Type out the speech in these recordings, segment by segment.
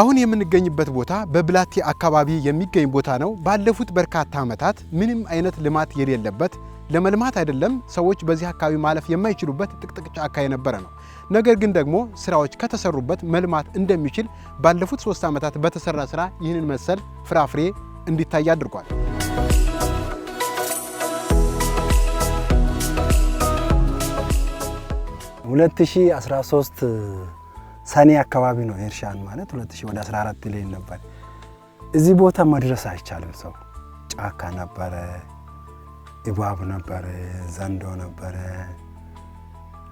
አሁን የምንገኝበት ቦታ በብላቴ አካባቢ የሚገኝ ቦታ ነው። ባለፉት በርካታ ዓመታት ምንም አይነት ልማት የሌለበት ለመልማት አይደለም ሰዎች በዚህ አካባቢ ማለፍ የማይችሉበት ጥቅጥቅ ጫካ የነበረ ነው። ነገር ግን ደግሞ ስራዎች ከተሰሩበት መልማት እንደሚችል ባለፉት ሶስት ዓመታት በተሰራ ስራ ይህንን መሰል ፍራፍሬ እንዲታይ አድርጓል። ሁለት ሺህ አስራ ሶስት ሰኔ አካባቢ ነው ኤርሻን ማለት 2014 ላይ ነበር። እዚህ ቦታ መድረስ አይቻልም። ሰው ጫካ ነበረ፣ እባብ ነበረ፣ ዘንዶ ነበረ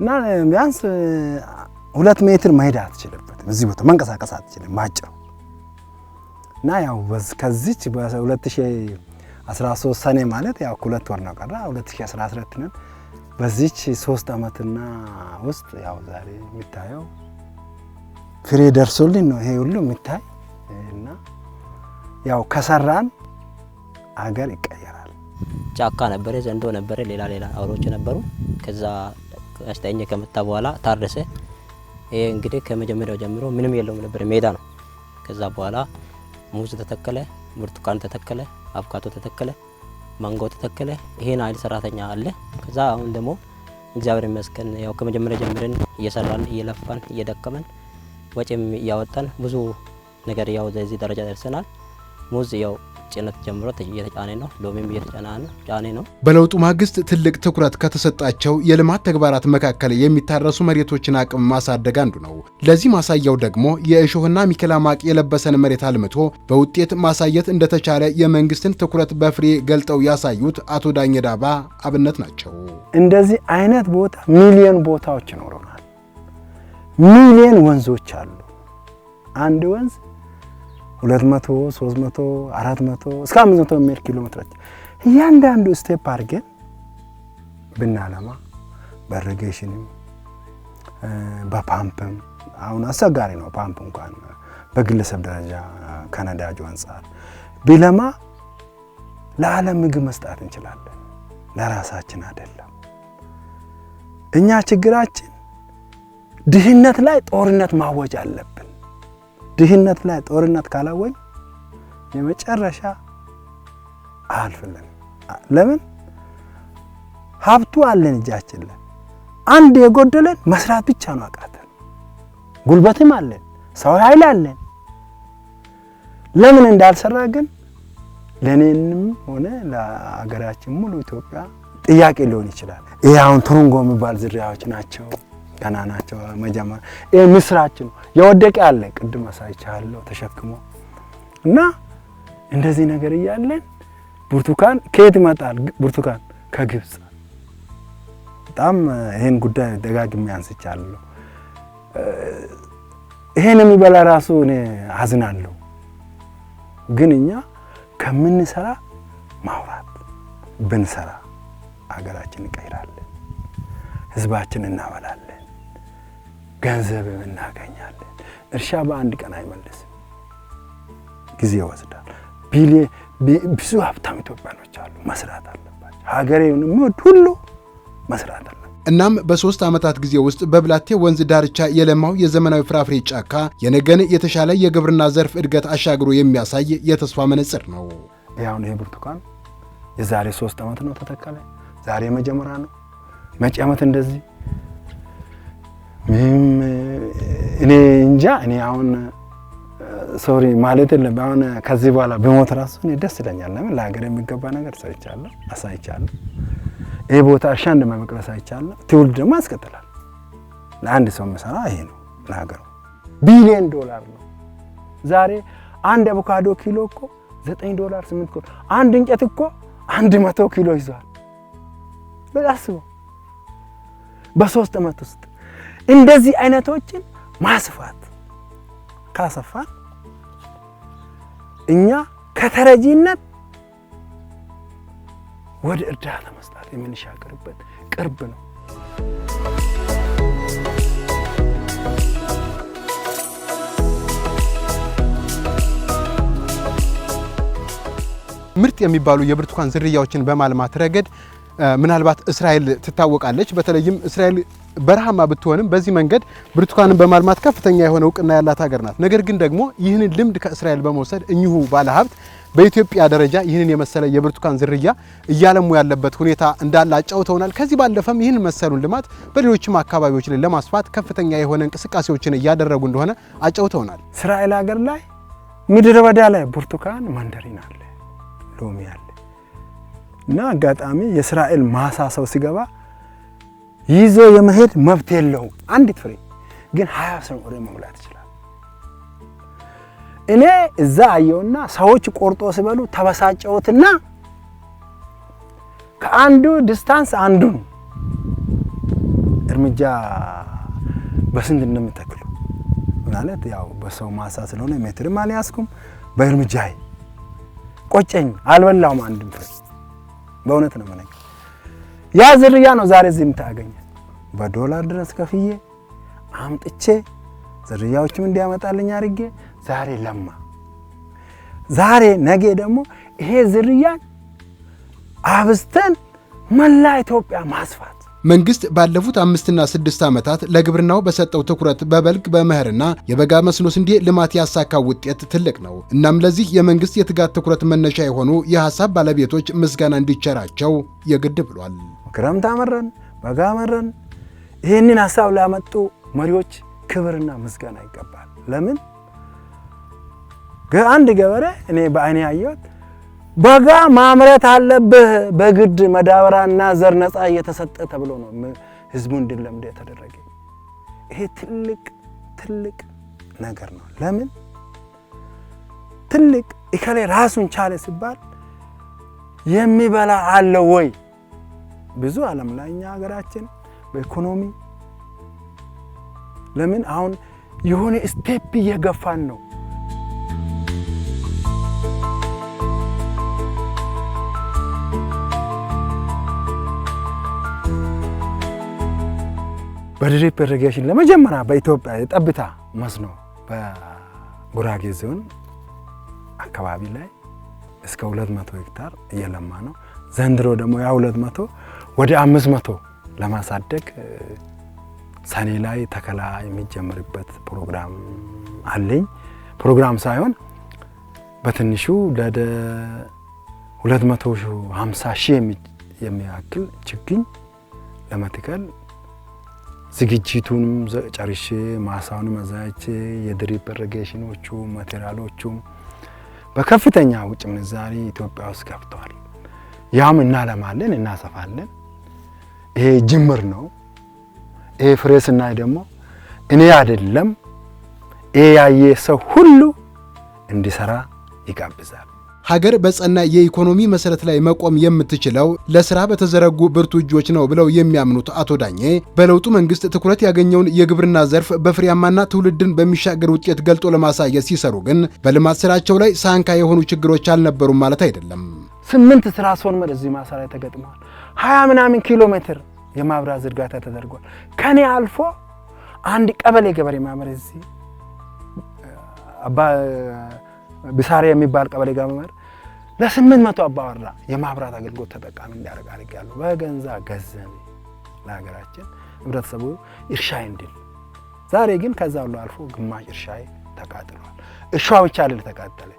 እና ቢያንስ ሁለት ሜትር መሄድ አትችልበት እዚህ ቦታ መንቀሳቀስ አትችልም ማጭሩ እና ያው ከዚች በ2013 ሰኔ ማለት ያው ሁለት ወር ነው ቀራ 2012 ነን። በዚች ሶስት ዓመትና ውስጥ ያው ዛሬ የሚታየው ፍሬ ደርሶልን ነው ይሄ ሁሉ የሚታይ እና ያው ከሰራን አገር ይቀየራል። ጫካ ነበረ፣ ዘንዶ ነበረ፣ ሌላ ሌላ አውሮች ነበሩ። ከዛ አስጠኘ ከመጣ በኋላ ታረሰ። ይሄ እንግዲህ ከመጀመሪያው ጀምሮ ምንም የለውም ነበር፣ ሜዳ ነው። ከዛ በኋላ ሙዝ ተተከለ፣ ብርቱካን ተተከለ፣ አቮካዶ ተተከለ፣ ማንጎ ተተከለ። ይሄን አይል ሰራተኛ አለ። ከዛ አሁን ደግሞ እግዚአብሔር ይመስገን ያው ከመጀመሪያ ጀምረን እየሰራን እየለፋን እየደከመን ወጪም እያወጣን ብዙ ነገር ያው እዚህ ደረጃ ደርሰናል። ሙዝ ያው ጭነት ጀምሮ እየተጫነ ነው። ሎሚም እየተጫነ ነው። በለውጡ ማግስት ትልቅ ትኩረት ከተሰጣቸው የልማት ተግባራት መካከል የሚታረሱ መሬቶችን አቅም ማሳደግ አንዱ ነው። ለዚህ ማሳያው ደግሞ የእሾህና ሚከላ ማቅ የለበሰን መሬት አልምቶ በውጤት ማሳየት እንደተቻለ የመንግስትን ትኩረት በፍሬ ገልጠው ያሳዩት አቶ ዳኘ ዳባ አብነት ናቸው። እንደዚህ አይነት ቦታ ሚሊዮን ቦታዎች ይኖረናል። ሚሊዮን ወንዞች አሉ። አንድ ወንዝ 200፣ 300፣ 400 እስከ 500 ሜትር ኪሎ ሜትሮች እያንዳንዱ ስቴፕ አድርገን ብናለማ በኢሪጌሽንም በፓምፕም አሁን አስቸጋሪ ነው። ፓምፕ እንኳን በግለሰብ ደረጃ ከነዳጁ አንጻር ቢለማ ለዓለም ምግብ መስጣት እንችላለን። ለራሳችን አይደለም። እኛ ችግራችን ድህነት ላይ ጦርነት ማወጅ አለብን። ድህነት ላይ ጦርነት ካላወጅ የመጨረሻ አልፍልን ለምን ሀብቱ አለን እጃችን ላይ አንድ የጎደለን መስራት ብቻ ነው አቃተን። ጉልበትም አለን፣ ሰው ኃይል አለን። ለምን እንዳልሰራ ግን ለእኔንም ሆነ ለሀገራችን ሙሉ ኢትዮጵያ ጥያቄ ሊሆን ይችላል። ይህ አሁን ትሩንጎ የሚባል ዝርያዎች ናቸው። ቀና ናቸው። መጀመሪያ ይህ ምስራች ነው። የወደቀ ያለ ቅድም አሳይቻለሁ ተሸክሞ እና እንደዚህ ነገር እያለን ብርቱካን ከየት ይመጣል? ብርቱካን ከግብፅ። በጣም ይህን ጉዳይ ደጋግሜ አንስቻለሁ። ይሄን የሚበላ ራሱ እኔ አዝናለሁ። ግን እኛ ከምንሰራ ማውራት ብንሰራ አገራችን እንቀይራለን፣ ህዝባችን እናበላለን። ገንዘብ እናገኛለን። እርሻ በአንድ ቀን አይመልስም፣ ጊዜ ይወስዳል። ብዙ ሀብታም ኢትዮጵያኖች አሉ፣ መስራት አለባቸው። ሀገሬውን የሚወድ ሁሉ መስራት አለ። እናም በሶስት ዓመታት ጊዜ ውስጥ በብላቴ ወንዝ ዳርቻ የለማው የዘመናዊ ፍራፍሬ ጫካ የነገን የተሻለ የግብርና ዘርፍ እድገት አሻግሮ የሚያሳይ የተስፋ መነጽር ነው። ያሁን ይሄ ብርቱካን የዛሬ ሶስት ዓመት ነው ተተከለ። ዛሬ መጀመሪያ ነው። መጪ ዓመት እንደዚህ ምንም እኔ እንጃ። እኔ አሁን ሶሪ ማለት የለም። አሁን ከዚህ በኋላ በሞት ራሱ እኔ ደስ ይለኛል። ለምን ለሀገር የሚገባ ነገር ሰርቻለሁ፣ አሳይቻለሁ። ይህ ቦታ እርሻ እንደመቅረስ አይቻለሁ። ትውልድ ደግሞ ያስቀጥላል። ለአንድ ሰው መሰራ ይሄ ነው ለሀገሩ። ዶላር ነው። ዛሬ አንድ አቮካዶ ኪሎ እኮ ዘጠኝ ዶላር ስምንት አንድ እንጨት እኮ አንድ መቶ ኪሎ ይዟል። አስበው በሶስት ውስጥ እንደዚህ አይነቶችን ማስፋት ካሰፋን እኛ ከተረጂነት ወደ እርዳታ መስጣት የምንሻገርበት ቅርብ ነው። ምርጥ የሚባሉ የብርቱካን ዝርያዎችን በማልማት ረገድ ምናልባት እስራኤል ትታወቃለች። በተለይም እስራኤል በረሃማ ብትሆንም በዚህ መንገድ ብርቱካንን በማልማት ከፍተኛ የሆነ እውቅና ያላት ሀገር ናት። ነገር ግን ደግሞ ይህንን ልምድ ከእስራኤል በመውሰድ እኚሁ ባለሀብት በኢትዮጵያ ደረጃ ይህንን የመሰለ የብርቱካን ዝርያ እያለሙ ያለበት ሁኔታ እንዳለ አጫውተውናል። ከዚህ ባለፈም ይህን መሰሉን ልማት በሌሎችም አካባቢዎች ላይ ለማስፋት ከፍተኛ የሆነ እንቅስቃሴዎችን እያደረጉ እንደሆነ አጫውተውናል። እስራኤል ሀገር ላይ ምድረ በዳ ላይ ብርቱካን፣ ማንደሪን አለ፣ ሎሚ አለ እና አጋጣሚ የእስራኤል ማሳ ሰው ሲገባ ይዞ የመሄድ መብት የለው። አንዲት ፍሬ ግን ሀያ ወደ መብላት ይችላል። እኔ እዛ አየውና ሰዎች ቆርጦ ሲበሉ ተበሳጨውትና ከአንዱ ዲስታንስ አንዱን እርምጃ በስንት እንደምተክሉ ማለት ያው በሰው ማሳ ስለሆነ ሜትርም አልያዝኩም። በእርምጃ ቆጨኝ፣ አልበላውም አንድም ፍሬ በእውነት ነው መነኝ ያ ዝርያ ነው ዛሬ እዚህ የምታገኘ በዶላር ድረስ ከፍዬ አምጥቼ ዝርያዎችም እንዲያመጣልኝ አድርጌ ዛሬ ለማ ዛሬ ነገ ደግሞ ይሄ ዝርያን አብስተን መላ ኢትዮጵያ ማስፋት መንግስት ባለፉት አምስትና ስድስት ዓመታት ለግብርናው በሰጠው ትኩረት በበልግ በመኸርና የበጋ መስኖ ስንዴ ልማት ያሳካው ውጤት ትልቅ ነው። እናም ለዚህ የመንግስት የትጋት ትኩረት መነሻ የሆኑ የሀሳብ ባለቤቶች ምስጋና እንዲቸራቸው የግድ ብሏል። ክረምት አመረን፣ በጋ አመረን። ይህንን ሀሳብ ላመጡ መሪዎች ክብርና ምስጋና ይገባል። ለምን አንድ ገበሬ እኔ በአይኔ ያየሁት በጋ ማምረት አለብህ በግድ መዳበራና ዘር ነፃ እየተሰጠ ተብሎ ነው ህዝቡ እንዲለምድ የተደረገ። ይሄ ትልቅ ትልቅ ነገር ነው። ለምን ትልቅ እከሌ ራሱን ቻለ ሲባል የሚበላ አለ ወይ? ብዙ ዓለም ላይ እኛ ሀገራችን በኢኮኖሚ ለምን አሁን የሆነ ስቴፕ እየገፋን ነው በድሪፕ ኢሪጌሽን ለመጀመሪያ በኢትዮጵያ የጠብታ መስኖ በጉራጌ ዞን አካባቢ ላይ እስከ 200 ሄክታር እየለማ ነው። ዘንድሮ ደግሞ ያ 200 ወደ 500 ለማሳደግ ሰኔ ላይ ተከላ የሚጀምርበት ፕሮግራም አለኝ። ፕሮግራም ሳይሆን በትንሹ ለደ 250 ሺህ የሚያክል ችግኝ ለመትከል ዝግጅቱንም ጨርሼ ማሳውንም አዘጋጅቼ የድሪፕ ኢሪጌሽኖቹ ማቴሪያሎቹም በከፍተኛ ውጭ ምንዛሬ ኢትዮጵያ ውስጥ ገብተዋል። ያም እናለማለን፣ እናሰፋለን። ይሄ ጅምር ነው። ይሄ ፍሬ ስናይ ደግሞ እኔ አይደለም ይሄ ያየ ሰው ሁሉ እንዲሰራ ይጋብዛል። ሀገር በጸና የኢኮኖሚ መሰረት ላይ መቆም የምትችለው ለስራ በተዘረጉ ብርቱ እጆች ነው ብለው የሚያምኑት አቶ ዳኜ በለውጡ መንግስት ትኩረት ያገኘውን የግብርና ዘርፍ በፍሬያማና ትውልድን በሚሻገር ውጤት ገልጦ ለማሳየት ሲሰሩ ግን በልማት ስራቸው ላይ ሳንካ የሆኑ ችግሮች አልነበሩም ማለት አይደለም። ስምንት ስራ ሶልመር እዚህ ማሳ ላይ ተገጥመዋል። ሀያ ምናምን ኪሎ ሜትር የማብራት ዝርጋታ ተደርጓል። ከኔ አልፎ አንድ ቀበሌ ገበሬ ማመር እዚህ ብሳሬ የሚባል ቀበሌ ጋር ለስምንት መቶ አባወራ የማብራት አገልግሎት ተጠቃሚ እንዲያደርግ አድርጌያለሁ። በገንዛ ገዘን ለሀገራችን ህብረተሰቡ እርሻ እንድል ዛሬ ግን ከዛ ሁሉ አልፎ ግማሽ እርሻ ተቃጥሏል። እርሻ ብቻ ልል ተቃጠለ።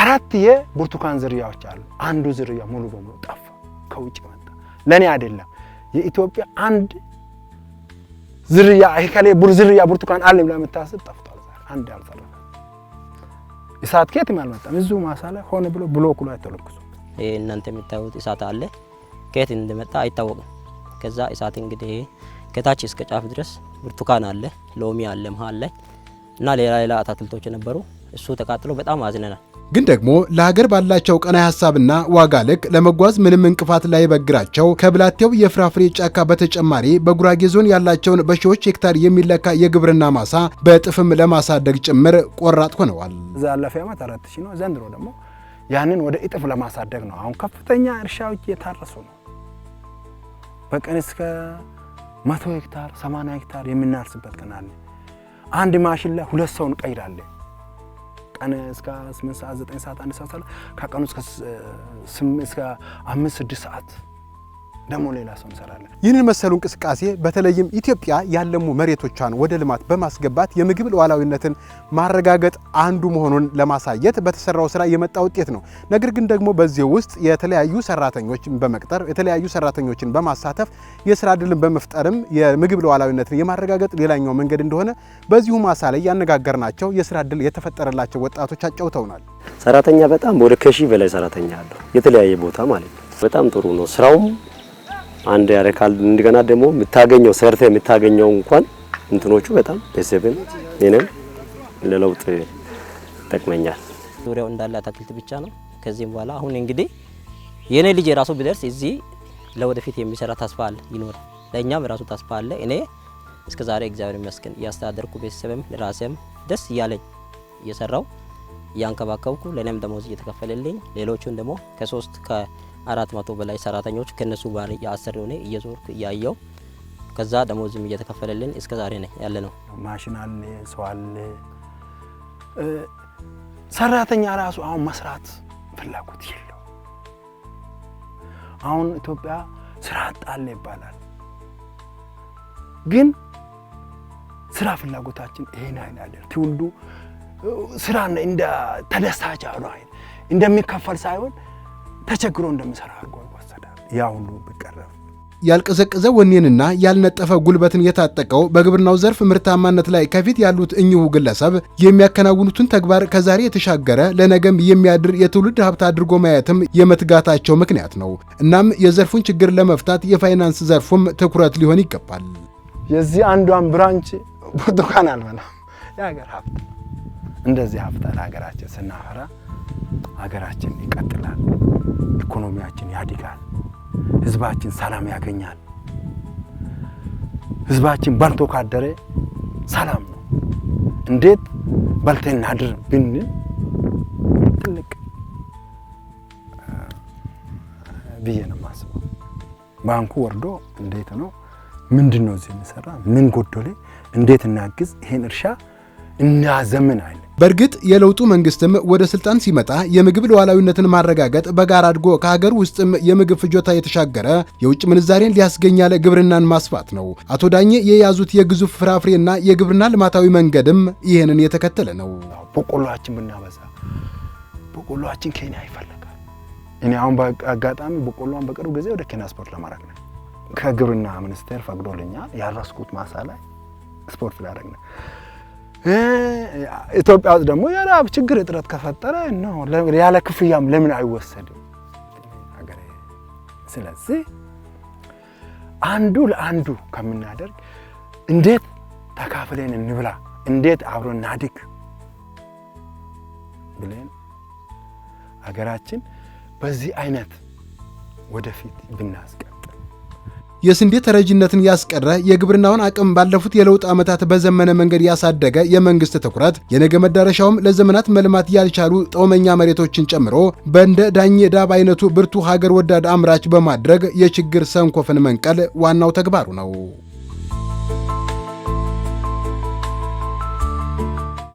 አራት የብርቱካን ዝርያዎች አሉ። አንዱ ዝርያ ሙሉ በሙሉ ጠፋ፣ ከውጭ መጣ። ለእኔ አይደለም የኢትዮጵያ አንድ ዝርያ ይከሌ ዝርያ ብርቱካን አለ ብለህ የምታስብ ጠፍቷል። አንድ አልፈራ እሳት ከየትም አልመጣም። እዚሁ ማሳ ላይ ሆነ ብሎ ብሎኩ ላይ ተለኩሶ እናንተ የምታዩት እሳት አለ። ከየት እንደመጣ አይታወቅም። ከዛ እሳት እንግዲህ ከታች እስከ ጫፍ ድረስ ብርቱካን አለ፣ ሎሚ አለ መሀል ላይ እና ሌላ ሌላ አትክልቶች ነበሩ። እሱ ተቃጥሎ በጣም አዝነናል። ግን ደግሞ ለሀገር ባላቸው ቀናይ ሀሳብና ዋጋ ልክ ለመጓዝ ምንም እንቅፋት ላይበግራቸው ከብላቴው የፍራፍሬ ጫካ በተጨማሪ በጉራጌ ዞን ያላቸውን በሺዎች ሄክታር የሚለካ የግብርና ማሳ በጥፍም ለማሳደግ ጭምር ቆራጥ ሆነዋል። ዛለፈ ዓመት አራት ሺህ ነው። ዘንድሮ ደግሞ ያንን ወደ እጥፍ ለማሳደግ ነው። አሁን ከፍተኛ እርሻዎች እየታረሱ ነው። በቀን እስከ መቶ ሄክታር ሰማንያ ሄክታር የምናርስበት ቀን አለ። አንድ ላይ ሁለት ሰውን ቀይራለ ከቀን እስከ 8 ሰዓት 9 ሰዓት አንድ ሰዓት አለ ከቀኑ እስከ ሰዓት ደግሞ ሌላ ሰው እንሰራለን። ይህንን መሰሉ እንቅስቃሴ በተለይም ኢትዮጵያ ያለሙ መሬቶቿን ወደ ልማት በማስገባት የምግብ ሉዓላዊነትን ማረጋገጥ አንዱ መሆኑን ለማሳየት በተሰራው ስራ የመጣ ውጤት ነው። ነገር ግን ደግሞ በዚህ ውስጥ የተለያዩ ሰራተኞችን በመቅጠር የተለያዩ ሰራተኞችን በማሳተፍ የስራ እድልን በመፍጠርም የምግብ ሉዓላዊነትን የማረጋገጥ ሌላኛው መንገድ እንደሆነ በዚሁ ማሳ ላይ ያነጋገርናቸው የስራ እድል የተፈጠረላቸው ወጣቶች አጫውተውናል። ሰራተኛ በጣም ወደ ከሺህ በላይ ሰራተኛ አለው የተለያየ ቦታ ማለት ነው። በጣም ጥሩ ነው ስራውም አንድ ያረካል። እንደገና ደግሞ የምታገኘው ሰርተ የምታገኘው እንኳን እንትኖቹ በጣም ቤተሰብን እኔም ለለውጥ ይጠቅመኛል። ዙሪያው እንዳለ አታክልት ብቻ ነው። ከዚህም በኋላ አሁን እንግዲህ የኔ ልጅ የራሱ ቢደርስ እዚህ ለወደፊት የሚሰራ ተስፋ አለ ይኖር ለእኛም ራሱ ተስፋ አለ። እኔ እስከ ዛሬ እግዚአብሔር ይመስገን እያስተዳደርኩ ቤተሰብም ለራሴም ደስ እያለኝ እየሰራው እያንከባከብኩ ለእኔም ደሞዝ እየተከፈለልኝ ሌሎቹን ደግሞ ከሶስት አራት መቶ በላይ ሰራተኞች ከነሱ ጋር የአስር ሆነ እየዞርኩ እያየው ከዛ ደሞዝም እየተከፈለልን እስከ ዛሬ ነው ያለ ነው። ማሽን አለ፣ ሰው አለ። ሰራተኛ ራሱ አሁን መስራት ፍላጎት የለው። አሁን ኢትዮጵያ ስራ አጣለ ይባላል፣ ግን ስራ ፍላጎታችን ይሄን አይን አለ ትውልዱ ስራ እንደ አይደል፣ እንደሚከፈል ሳይሆን ተቸግሮ እንደምሰራ አድርጎ ይወሰዳል። ያ ሁሉ ቢቀረፍ ያልቀዘቀዘ ወኔንና ያልነጠፈ ጉልበትን የታጠቀው በግብርናው ዘርፍ ምርታማነት ላይ ከፊት ያሉት እኚሁ ግለሰብ የሚያከናውኑትን ተግባር ከዛሬ የተሻገረ ለነገም የሚያድር የትውልድ ሀብት አድርጎ ማየትም የመትጋታቸው ምክንያት ነው። እናም የዘርፉን ችግር ለመፍታት የፋይናንስ ዘርፉም ትኩረት ሊሆን ይገባል። የዚህ አንዷን ብራንች ብርቱካን አልበላም። የሀገር ሀብት እንደዚህ ሀብት ለሀገራችን ስናፈራ ሀገራችን ይቀጥላል፣ ኢኮኖሚያችን ያድጋል፣ ህዝባችን ሰላም ያገኛል። ህዝባችን በልቶ ካደረ ሰላም ነው። እንዴት በልተን እናድር ብንል ትልቅ ብዬ ነው የማስበው። ባንኩ ወርዶ እንዴት ነው ምንድን ነው እዚህ የሚሰራ ምን ጎዶሌ እንዴት እናግዝ ይሄን እርሻ እናዘምን አይነ በእርግጥ የለውጡ መንግስትም ወደ ስልጣን ሲመጣ የምግብ ሉዓላዊነትን ማረጋገጥ በጋራ አድጎ ከሀገር ውስጥም የምግብ ፍጆታ የተሻገረ የውጭ ምንዛሬን ሊያስገኝ ያለ ግብርናን ማስፋት ነው። አቶ ዳኜ የያዙት የግዙፍ ፍራፍሬና የግብርና ልማታዊ መንገድም ይህንን የተከተለ ነው። በቆሎችን ብናበዛ በቆሎችን ኬንያ ይፈልጋል። እኔ አሁን በአጋጣሚ በቆሎን በቅርብ ጊዜ ወደ ኬንያ ስፖርት ለማድረግ ነው ከግብርና ሚኒስቴር ፈቅዶልኛል። ያረስኩት ማሳ ላይ ስፖርት ላደረግ ነው ኢትዮጵያ ውስጥ ደግሞ የረሃብ ችግር እጥረት ከፈጠረ ያለ ክፍያም ለምን አይወሰድም? ስለዚህ አንዱ ለአንዱ ከምናደርግ እንዴት ተካፍለን እንብላ፣ እንዴት አብሮ እናድግ ብለን ሀገራችን በዚህ አይነት ወደፊት ብናስቀ የስንዴ ተረጂነትን ያስቀረ የግብርናውን አቅም ባለፉት የለውጥ ዓመታት በዘመነ መንገድ ያሳደገ የመንግስት ትኩረት የነገ መዳረሻውም ለዘመናት መልማት ያልቻሉ ጦመኛ መሬቶችን ጨምሮ በእንደ ዳኜ ዳብ አይነቱ ብርቱ ሀገር ወዳድ አምራች በማድረግ የችግር ሰንኮፍን መንቀል ዋናው ተግባሩ ነው።